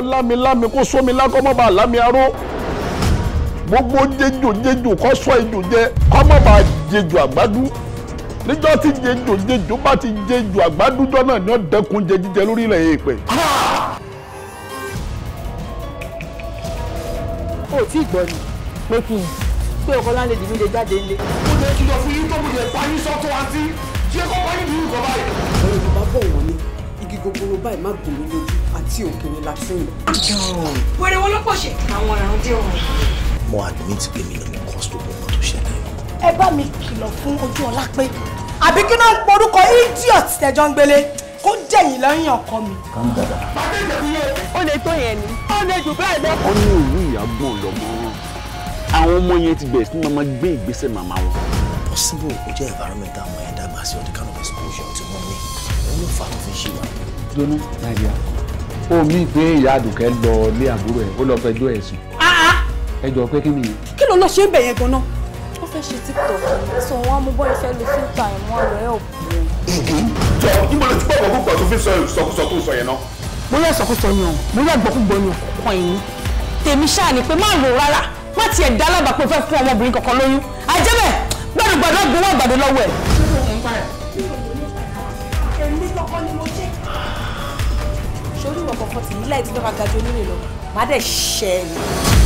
kó lámi lámi kó sómi lákọ́ mọ́ bá lámi aró gbogbo jẹjò jẹjò kọ́ sọ ejò jẹ kọ́ mọ́ bá jẹjò àgbádú níjọ́ tí jẹjò jẹjò bá ti jẹjò àgbádújọ́ náà ni ó dẹ́kun jẹ jíjẹ lórí ilẹ̀ èèpẹ̀. o tí gbọ́ ni pé kí n pé ọkọ láńlẹ́dì mi lè jáde nílé. mo lè kìlọ̀ fún yín tó mo lè pa yín sọ́tọ̀ àti ṣé kọ́kọ́ yín dùn ún kọ́ báyìí. ọ̀rọ̀ ìbá bọ̀ igi gogoro báyìí má gbòmí lójú àti òkèèrè láti ń lọ. wẹ̀rẹ̀ wọn ló pọ̀ ṣe. àwọn àrùn dé wọn. mo admit pé mi ni mo kọ́ sóko wọn tó ṣẹlẹ̀. ẹ bá mi kìlọ̀ fún ojú ọlá pé àbí kí náà ń porúkọ idiot tẹ̀jọ́ ń gbélé kó dẹ̀yìn lẹ́yìn ọkọ mi. ó lè tó yẹn ni ó lè jù bẹ́ẹ̀ lọ. ó ní òwú ìyàgbọ́n lọ́mọ àwọn ọmọ yẹn ti bẹ̀rẹ̀ sí máa máa gbé ìgbésẹ̀ màmá wọn. possible kò jẹ́ environment àwọn ẹ̀dá gbà sí ọdún kan of exposure tí wọ́n ní òun ló fà á tó fi ṣe wà. dunu nàìjíríà ó mí pé ìyá àdùkẹ́ lọ lé àbúrò ẹ̀ ó lọ fẹjọ́ ẹ̀sùn. Ah, ah. ẹjọ́ pé kí nìyẹn. kí ló lọ ṣe ń bẹ̀ yẹn gan-an. ó fẹ́ ṣe tiktok sọ wọn mú bọ́ ìfẹ́ lu fílta ìmọ̀ rẹ̀ ò. jọ níbo ló ti gbọ́ ọ̀gbọ́n púpọ̀ tó fi sọkúsọ tó sọ yẹn náà. mo yẹ sọkúsọ yẹn o mo yẹ gbọ́kúgbọ́ yẹn kàn yín. tèmi ṣáà ni pé má rò rárá má tiẹ̀ dá lábàá pé fẹ́ fún ọmọbìnrin kankan lóyún àjẹbẹ̀ gbàdúgbàdú àgbọ̀wọ́ àgbàdo lọ́wọ́ ẹ̀ ọ̀rọ̀ kọ̀ọ̀kan tí fẹ́ máa ga ju lọ má dẹ̀ ṣẹ́ ẹ̀